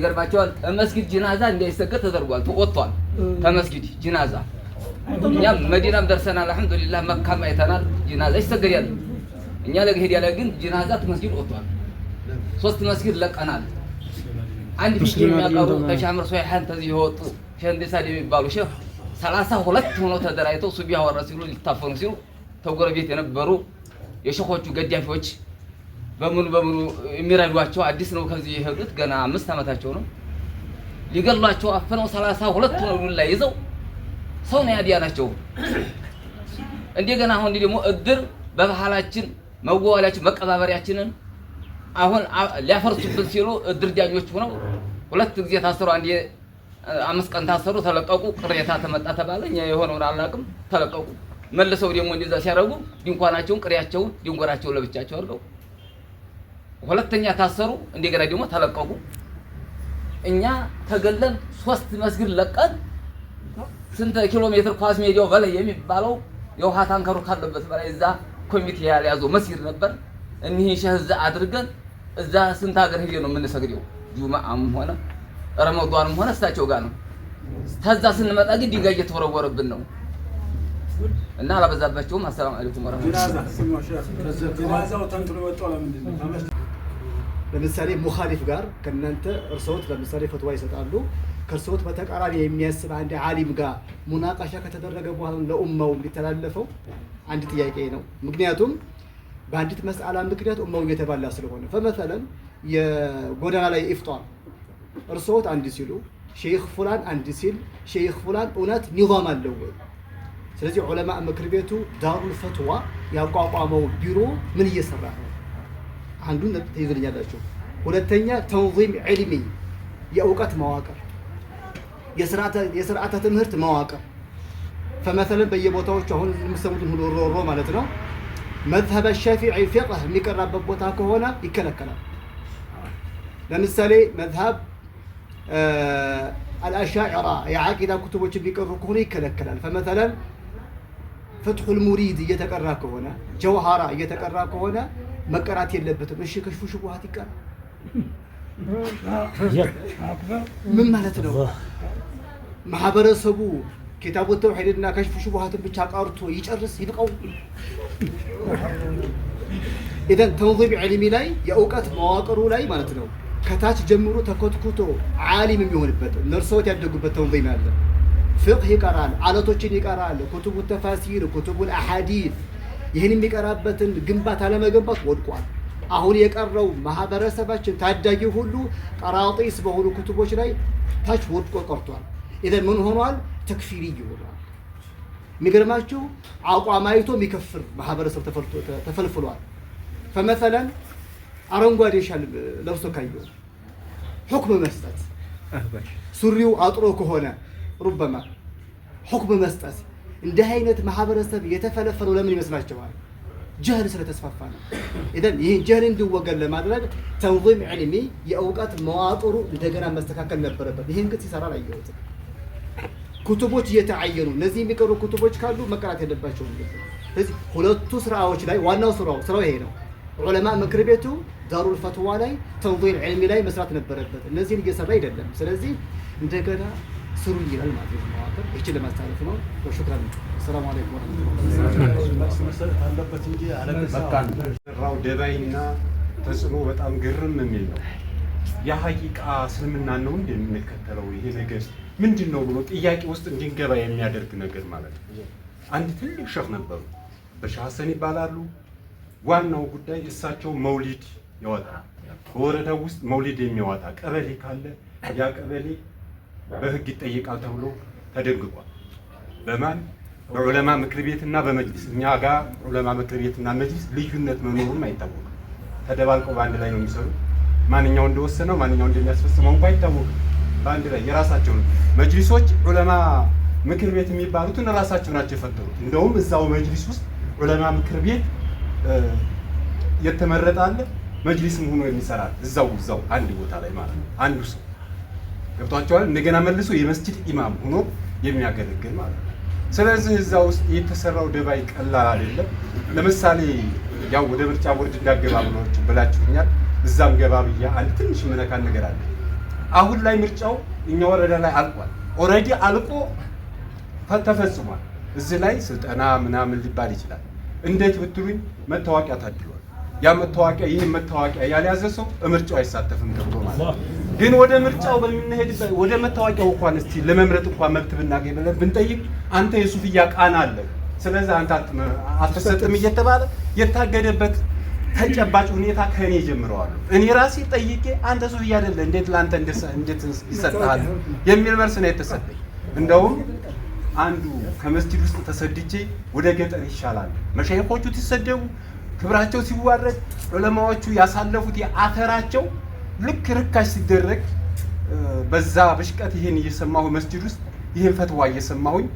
ይገርማቸዋል። መስጊድ ጅናዛ እንዳይሰገድ ተደርጓል፣ ወጥቷል። ተመስጊድ ጅናዛ እኛም መዲናም ደርሰናል። አልሐምዱሊላህ መካም አይተናል። ጅናዛ ይሰገድ ያለ እኛ ለገሄድ ያለ ግን ጅናዛ ተመስጊድ ወጥቷል። ሶስት መስጊድ ለቀናል። አንድ ፍቅር የሚያቀሩ ተሻምር ሶይሐን ተዚህ የወጡ ሸንዴሳድ የሚባሉ ሼህ ሰላሳ ሁለት ሆኖ ተደራጅተው ሱቢያ ወራ ሲሉ ሊታፈኑ ሲሉ ተጎረቤት የነበሩ የሸኾቹ ገዳፊዎች በሙሉ በሙሉ የሚረዷቸው አዲስ ነው። ከዚህ የሄዱት ገና አምስት ዓመታቸው ነው። ሊገሏቸው አፍነው ሰላሳ ሁለት ነው ላይ ይዘው ሰው ነው ያዲያናቸው። እንደገና አሁን ደግሞ እድር በባህላችን መዋዋላችን መቀባበሪያችንን አሁን ሊያፈርሱብን ሲሉ እድር ዳኞች ሆነው ሁለት ጊዜ ታሰሩ። አንዴ አምስት ቀን ታሰሩ፣ ተለቀቁ። ቅሬታ ተመጣ ተባለ። እኛ የሆነውን አላውቅም፣ ተለቀቁ። መልሰው ደግሞ እንደዛ ሲያደርጉ ድንኳናቸውን፣ ቅሬያቸውን፣ ድንጎራቸውን ለብቻቸው አድርገው ሁለተኛ ታሰሩ፣ እንደገና ደግሞ ተለቀቁ። እኛ ተገለን ሶስት መስጊድ ለቀን ስንት ኪሎ ሜትር ኳስ ሜዳው በላይ የሚባለው የውሃ ታንከሩ ካለበት በላይ እዛ ኮሚቴ ያልያዘው መስጊድ ነበር። እኒህን ሸህ እዛ አድርገን እዛ ስንት ሀገር ሄደ ነው የምንሰግደው። ጁማአም ሆነ ረመዷንም ሆነ እሳቸው ጋር ነው። ተዛ ስንመጣ ግን ድንጋይ እየተወረወረብን ነው። እና አላበዛባቸውም። አሰላም አለይኩም ወራህመቱላህ ለምሳሌ ሙኻሊፍ ጋር ከእናንተ እርሶት ለምሳሌ ፈትዋ ይሰጣሉ። ከእርሶት በተቃራኒ የሚያስብ አንድ ዓሊም ጋር ሙናቃሻ ከተደረገ በኋላ ለኡማው የሚተላለፈው አንድ ጥያቄ ነው። ምክንያቱም በአንዲት መስአላ ምክንያት ኡማው እየተባላ ስለሆነ ፈመሰለን የጎዳና ላይ ኢፍጧር እርሶት አንድ ሲሉ ሼክ ፉላን አንድ ሲል ሼክ ፉላን እውነት ኒዛም አለው ወይ? ስለዚህ ዑለማ ምክር ቤቱ ዳሩል ፈትዋ ያቋቋመው ቢሮ ምን እየሰራ ነው? አንዱን ትይዙልኛላችሁ። ሁለተኛ ተንዚም ዕልሚ የእውቀት መዋቅር፣ የስርዓተ ትምህርት መዋቅር ፈመሰለን በየቦታዎቹ አሁን የምሰሙትን ሁሉ ሮሮ ማለት ነው። መዝሀበ ሸፊዒ ፊቅህ የሚቀራበት ቦታ ከሆነ ይከለከላል። ለምሳሌ መዝሀብ አልአሻዕራ የዓቂዳ ኩቱቦች የሚቀሩ ከሆነ ይከለከላል። ፈመሰለን ፍትሑል ሙሪድ እየተቀራ ከሆነ ጀውሃራ እየተቀራ ከሆነ መቀራት የለበትም። እሺ ከሽፉሽ ውሃት ይቀራል። ምን ማለት ነው? ማህበረሰቡ ኪታቡ ተውሂድና ከሽፉሽ ውሃትን ብቻ ቃርቶ ይጨርስ ይብቀው። ኢዘን ተንዚም ዕልሚ ላይ የእውቀት መዋቅሩ ላይ ማለት ነው ከታች ጀምሮ ተኮትኩቶ ዓሊም የሚሆንበት ነርሰዎት ያደጉበት ተንዚም ያለ ፍቅህ ይቀራል፣ አለቶችን ይቀራል፣ ኩቱቡ ተፋሲር፣ ኩቱቡል አሓዲት ይህን የሚቀራበትን ግንባታ ለመገንባት ወድቋል። አሁን የቀረው ማህበረሰባችን ታዳጊ ሁሉ ቀራጢስ በሆኑ ኩቱቦች ላይ ታች ወድቆ ቀርቷል። ኢዘን ምን ሆኗል? ተክፊሪ ይሆኗል። የሚገርማችሁ አቋም አይቶ የሚከፍር ማህበረሰብ ተፈልፍሏል። ፈመሰለን አረንጓዴ ሻል ለብሶ ካየው ሁክም መስጠት ሱሪው አጥሮ ከሆነ ሩበማ ሁክም መስጠት እንዲህ አይነት ማህበረሰብ የተፈለፈለው ለምን ይመስላችኋል? ጀህል ስለተስፋፋ ነው። ኢዘን ይህን ጀህል እንዲወገድ ለማድረግ ተንዚም ዕልሚ የእውቀት መዋቅሩ እንደገና መስተካከል ነበረበት። ይህን ግን ሲሰራ አላየሁትም። ኩቱቦች እየተዓየኑ እነዚህ የሚቀሩ ኩቱቦች ካሉ መቀራት የለባቸውም። ስለዚህ ሁለቱ ስራዎች ላይ ዋናው ስራው ስራው ይሄ ነው። ዑለማ ምክር ቤቱ ዳሩል ፈትዋ ላይ ተንዚም ዕልሚ ላይ መስራት ነበረበት። እነዚህን እየሰራ አይደለም። ስለዚህ እንደገና ስሩ ይላል ማለት ነው። ማዋቀር እቺ ለማስተላለፍ ነው። ወሽክራን ሰላም አለይኩም ደባይና ተጽዕኖ በጣም ግርም የሚል ነው። የሀቂቃ እስልምና ነው እንደምንከተለው ይሄ ነገር ምንድን ነው ብሎ ጥያቄ ውስጥ እንድንገባ የሚያደርግ ነገር ማለት ነው። አንድ ትልቅ ሸህ ነበሩ፣ በሻሰን ይባላሉ። ዋናው ጉዳይ እሳቸው መውሊድ ያወጣ፣ በወረዳው ውስጥ መውሊድ የሚያወጣ ቀበሌ ካለ ያ ቀበሌ በህግ ይጠየቃል ተብሎ ተደንግቋል። በማን በዑለማ ምክር ቤትና በመጅሊስ እኛ ጋር ዑለማ ምክር ቤትና መጅሊስ ልዩነት መኖሩም አይታወቅም። ተደባልቀው በአንድ ላይ ነው የሚሰሩ። ማንኛው እንደወሰነው ማንኛው እንደሚያስፈጽመው እንኳ አይታወቅም። በአንድ ላይ የራሳቸው ነው። መጅሊሶች ዑለማ ምክር ቤት የሚባሉትን ራሳቸው ናቸው የፈጠሩት። እንደውም እዛው መጅሊስ ውስጥ ዑለማ ምክር ቤት የተመረጠ አለ መጅሊስም ሆኖ የሚሰራል እዛው እዛው አንድ ቦታ ላይ ማለት ነው አንዱ ሰው ገብቷቸዋል። እንደገና መልሶ የመስጅድ ኢማም ሆኖ የሚያገለግል ማለት ነው። ስለዚህ እዛ ውስጥ የተሰራው ደባይ ቀላል አይደለም። ለምሳሌ ያው ወደ ምርጫ ቦርድ እንዳገባ ብሎችሁ ብላችሁኛል። እዛም ገባ ብያ አንድ ትንሽ ምነካን ነገር አለ። አሁን ላይ ምርጫው እኛ ወረዳ ላይ አልቋል። ኦልሬዲ አልቆ ተፈጽሟል። እዚህ ላይ ስልጠና ምናምን ሊባል ይችላል። እንዴት ብትሉኝ መታወቂያ ታድሏል። ያ መታወቂያ ይህ መታወቂያ ያልያዘ ሰው ምርጫው አይሳተፍም ገብቶ ማለት ነው። ግን ወደ ምርጫው በምንሄድበት ወደ መታወቂያው እንኳን እስቲ ለመምረጥ እንኳን መብት ብናገኝ ብለን ብንጠይቅ አንተ የሱፍያ ቃና አለ፣ ስለዚህ አንተ አትሰጥም እየተባለ የታገደበት ተጨባጭ ሁኔታ ከእኔ ጀምረዋል። እኔ ራሴ ጠይቄ አንተ ሱፍያ አይደለ እንዴት ለአንተ እንዴት ይሰጥሃል የሚል መልስ ነው የተሰጠኝ። እንደውም አንዱ ከመስጂድ ውስጥ ተሰድጄ ወደ ገጠር ይሻላል መሻይኮቹ ሲሰደቡ ክብራቸው ሲዋረድ ዑለማዎቹ ያሳለፉት የአተራቸው ልክ ርካሽ ሲደረግ በዛ በሽቀት ይሄን እየሰማሁ መስጂድ ውስጥ ይሄን ፈትዋ እየሰማሁኝ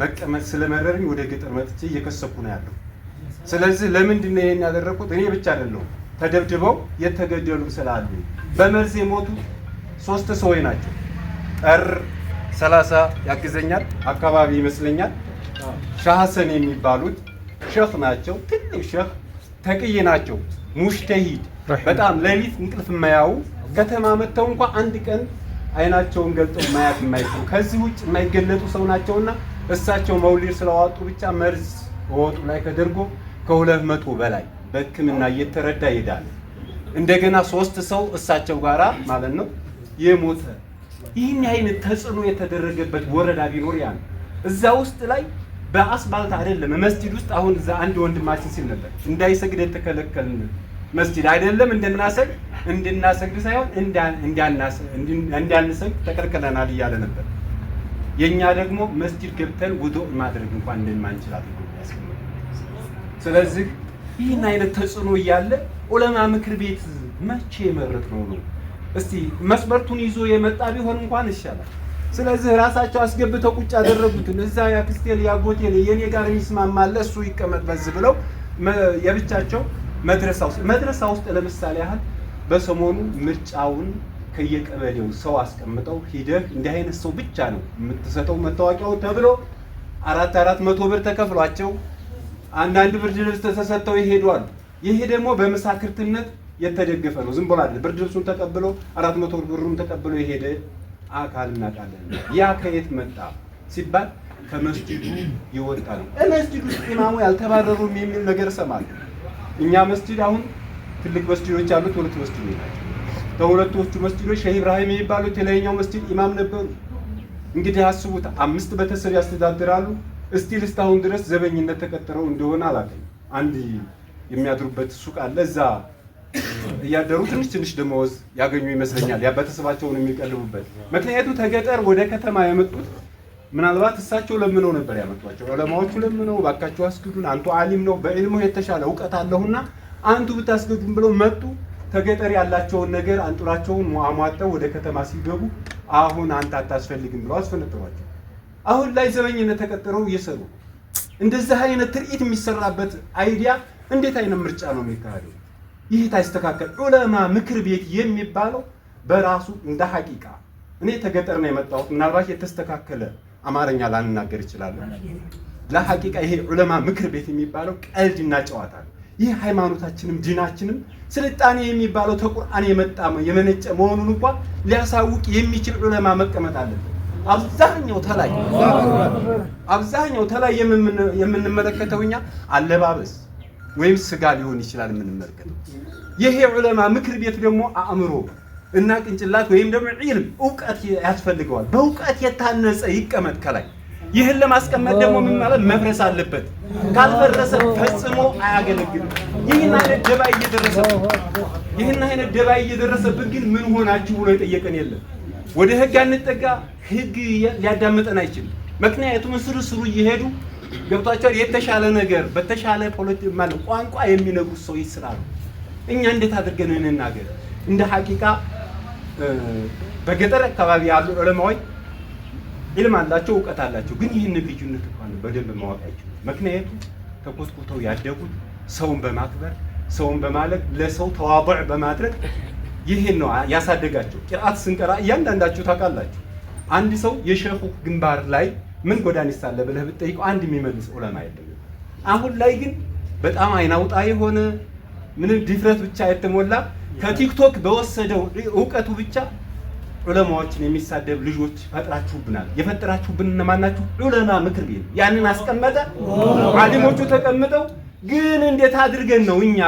መቀመጥ ስለመረረኝ ወደ ገጠር መጥቼ እየከሰኩ ነው ያለው። ስለዚህ ለምንድን ነው ይሄን ያደረግኩት? እኔ ብቻ አይደለሁም። ተደብድበው የተገደሉ ስላሉ በመርዝ የሞቱ ሶስት ሰዎች ናቸው። ጠር ሰላሳ ያግዘኛል አካባቢ ይመስለኛል። ሻህ የሚባሉት ሼህ ናቸው። ትልቅ ሸህ ተቅዬ ናቸው። ሙሽተሂድ በጣም ሌሊት እንቅልፍ የማያው ከተማ መጥተው እንኳ አንድ ቀን አይናቸውን ገልጠው ማያት የማይችሉ ከዚህ ውጭ የማይገለጡ ሰው ናቸውና እሳቸው መውሊድ ስለዋጡ ብቻ መርዝ ወጡ ላይ ተደርጎ ከሁለት መቶ በላይ በሕክምና እየተረዳ ይሄዳል። እንደገና ሶስት ሰው እሳቸው ጋራ ማለት ነው የሞተ ይህን አይነት ተጽዕኖ የተደረገበት ወረዳ ቢኖር ያ ነው እዛ ውስጥ ላይ በአስፋልት አይደለም መስጂድ ውስጥ አሁን እዛ አንድ ወንድማችን ሲል ነበር እንዳይሰግድ የተከለከልን መስጂድ አይደለም እንድናሰግድ እንድናሰግድ ሳይሆን እንዳንሰግድ ተከልከለናል እያለ ነበር። የእኛ ደግሞ መስጂድ ገብተን ውዶ ማድረግ እንኳን እንደማንችል አድርጎ ስለዚህ ይህን አይነት ተጽዕኖ እያለ ዑለማ ምክር ቤት መቼ የመረጥ ነው ነው? እስቲ መስመርቱን ይዞ የመጣ ቢሆን እንኳን ይሻላል። ስለዚህ ራሳቸው አስገብተው ቁጭ ያደረጉትን እዛ ያክስቴል ያጎቴል የኔ ጋር የሚስማማለ እሱ ይቀመጥ በዚህ ብለው የብቻቸው መድረሳ ውስጥ መድረሳ ውስጥ ለምሳሌ ያህል በሰሞኑ ምርጫውን ከየቀበሌው ሰው አስቀምጠው ሂደህ እንዲህ አይነት ሰው ብቻ ነው የምትሰጠው መታወቂያው ተብሎ አራት አራት መቶ ብር ተከፍሏቸው አንዳንድ ብርድ ልብስ ተሰጥተው ይሄዷል። ይሄ ደግሞ በመሳክርትነት የተደገፈ ነው። ዝም ብሎ አይደለም። ብርድ ልብሱን ተቀብሎ አራት መቶ ብሩን ተቀብሎ የሄደ አካል እናውቃለን። ያ ከየት መጣ ሲባል ከመስጅዱ የወጣ ነው። መስጅድ ውስጥ ኢማሙ ያልተባረሩም የሚል ነገር እሰማለሁ። እኛ መስጅድ አሁን ትልቅ መስጅዶች ያሉት ሁለት መስጅዶች ናቸው። ከሁለቶቹ መስጅዶች ሸህ ኢብራሂም የሚባሉት የላይኛው መስጅድ ኢማም ነበሩ። እንግዲህ አስቡት፣ አምስት ቤተሰብ ያስተዳድራሉ። እስቲል እስካሁን ድረስ ዘበኝነት ተቀጥረው እንደሆነ አላውቅም። አንድ የሚያድሩበት ሱቅ አለ እዛ እያደሩ ትንሽ ትንሽ ደመወዝ ያገኙ ይመስለኛል ቤተሰባቸውን የሚቀልቡበት። ምክንያቱም ተገጠር ወደ ከተማ የመጡት ምናልባት እሳቸው ለምነው ነበር ያመጧቸው። ዑለማዎቹ ለምነው ባካቸው አስገዱን፣ አንቱ አሊም ነው በዕልሙ የተሻለ እውቀት አለሁና አንቱ ብታስገዱን ብለው መጡ። ተገጠር ያላቸውን ነገር አንጡራቸውን አሟጠው ወደ ከተማ ሲገቡ አሁን አንተ አታስፈልግም ብለው አስፈነጥሯቸው። አሁን ላይ ዘበኝነት ተቀጥረው እየሰሩ እንደዚህ አይነት ትርኢት የሚሰራበት አይዲያ እንዴት አይነት ምርጫ ነው የሚካሄደው? ይህ ታይስተካከል። ዑለማ ምክር ቤት የሚባለው በራሱ እንደ ሐቂቃ እኔ ተገጠር ነው የመጣሁት። ምናልባት የተስተካከለ አማርኛ ላንናገር እችላለሁ። ለሐቂቃ ይሄ ዑለማ ምክር ቤት የሚባለው ቀልድና ጨዋታ ነው። ይህ ሃይማኖታችንም ዲናችንም ስልጣኔ የሚባለው ተቁርአን የመጣ የመነጨ መሆኑን እንኳ ሊያሳውቅ የሚችል ዑለማ መቀመጥ አለበት። አብዛኛው ተላይ አብዛኛው ተላይ የምንመለከተው እኛ አለባበስ ወይም ስጋ ሊሆን ይችላል የምንመለከተው። ይህ የዑለማ ምክር ቤት ደግሞ አእምሮ እና ቅንጭላት ወይም ደግሞ ዒልም እውቀት ያስፈልገዋል። በእውቀት የታነጸ ይቀመጥ ከላይ። ይህን ለማስቀመጥ ደግሞ ምን ማለት መፍረስ አለበት። ካልፈረሰ ፈጽሞ አያገለግልም። ይህን አይነት ደባ እየደረሰብን ይህን አይነት ደባ እየደረሰብን ግን ምን ሆናችሁ ብሎ የጠየቀን የለም። ወደ ህግ አንጠጋ፣ ህግ ሊያዳምጠን አይችልም። ምክንያቱም ስሩ ስሩ እየሄዱ ገብቷቸዋል። የተሻለ ነገር በተሻለ ፖለቲ ማለት ቋንቋ የሚነግሩት ሰው ይስራሉ። እኛ እንዴት አድርገን እንናገር? እንደ ሀቂቃ በገጠር አካባቢ ያሉ ዑለማዎች ዒልም አላቸው፣ እውቀት አላቸው። ግን ይህን ልዩነት እንኳን በደንብ ማወቅ አይችሉም። ምክንያቱም ተኮትኩተው ያደጉት ሰውን በማክበር ሰውን በማለቅ ለሰው ተዋቡዕ በማድረግ ይህን ነው ያሳደጋቸው። ቂርአት ስንቀራ እያንዳንዳችሁ ታውቃላችሁ። አንድ ሰው የሸኹ ግንባር ላይ ምን ጎዳኒስ አለ ብለህ ብትጠይቀው አንድ የሚመልስ ዑለማ የለም። አሁን ላይ ግን በጣም አይናውጣ የሆነ ምንም ድፍረት ብቻ የተሞላ ከቲክቶክ በወሰደው እውቀቱ ብቻ ዑለማዎችን የሚሳደብ ልጆች ፈጥራችሁብናል። የፈጠራችሁብን እነማናችሁ? ዑለማ ምክር ቤት ያንን አስቀመጠ። ዓሊሞቹ ተቀምጠው ግን እንዴት አድርገን ነው እኛ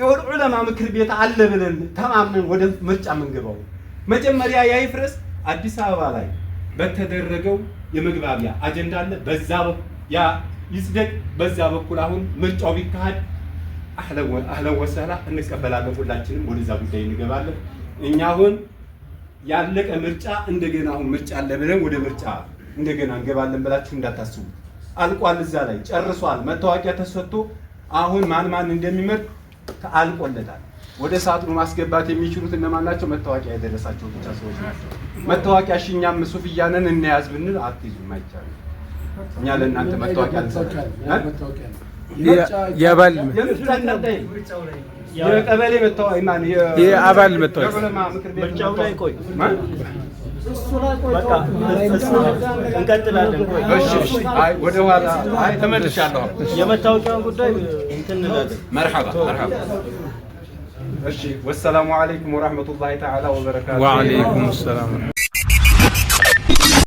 የሆነ ዑለማ ምክር ቤት አለ ብለን ተማምነን ወደ ምርጫ የምንገባው? መጀመሪያ ያይፍረስ አዲስ አበባ ላይ በተደረገው የመግባቢያ አጀንዳ አለ። በዛ ያ ይጽደቅ። በዛ በኩል አሁን ምርጫው ቢካሄድ አህለን ወሰላ እንቀበላለን። ሁላችንም ወደዛ ጉዳይ እንገባለን። እኛ አሁን ያለቀ ምርጫ እንደገና አሁን ምርጫ አለ ብለን ወደ ምርጫ እንደገና እንገባለን ብላችሁ እንዳታስቡ። አልቋል፣ እዛ ላይ ጨርሷል። መታወቂያ ተሰጥቶ አሁን ማን ማን እንደሚመርጥ አልቆለታል። ወደ ሳጥኑ ማስገባት የሚችሉት እነማን ናቸው? መታወቂያ የደረሳቸው ብቻ ሰዎች ናቸው። መታወቂያ እሺ፣ እኛም ሱፍያ ነን እናያዝ ብንል አትይዙም፣ አይቻልም። እኛ ለእናንተ መታወቂያ የአባል የቀበሌ የአባል መታወቂያ ምርጫው ላይ ቆይ እንቀጥላለን። ወደ ኋላ ተመልሻለሁ። የመታወቂያውን ጉዳይ እንትን እንላለን። መርሐባ والسلام عليكم ورحمه الله تعالى وبركاته وعليكم السلام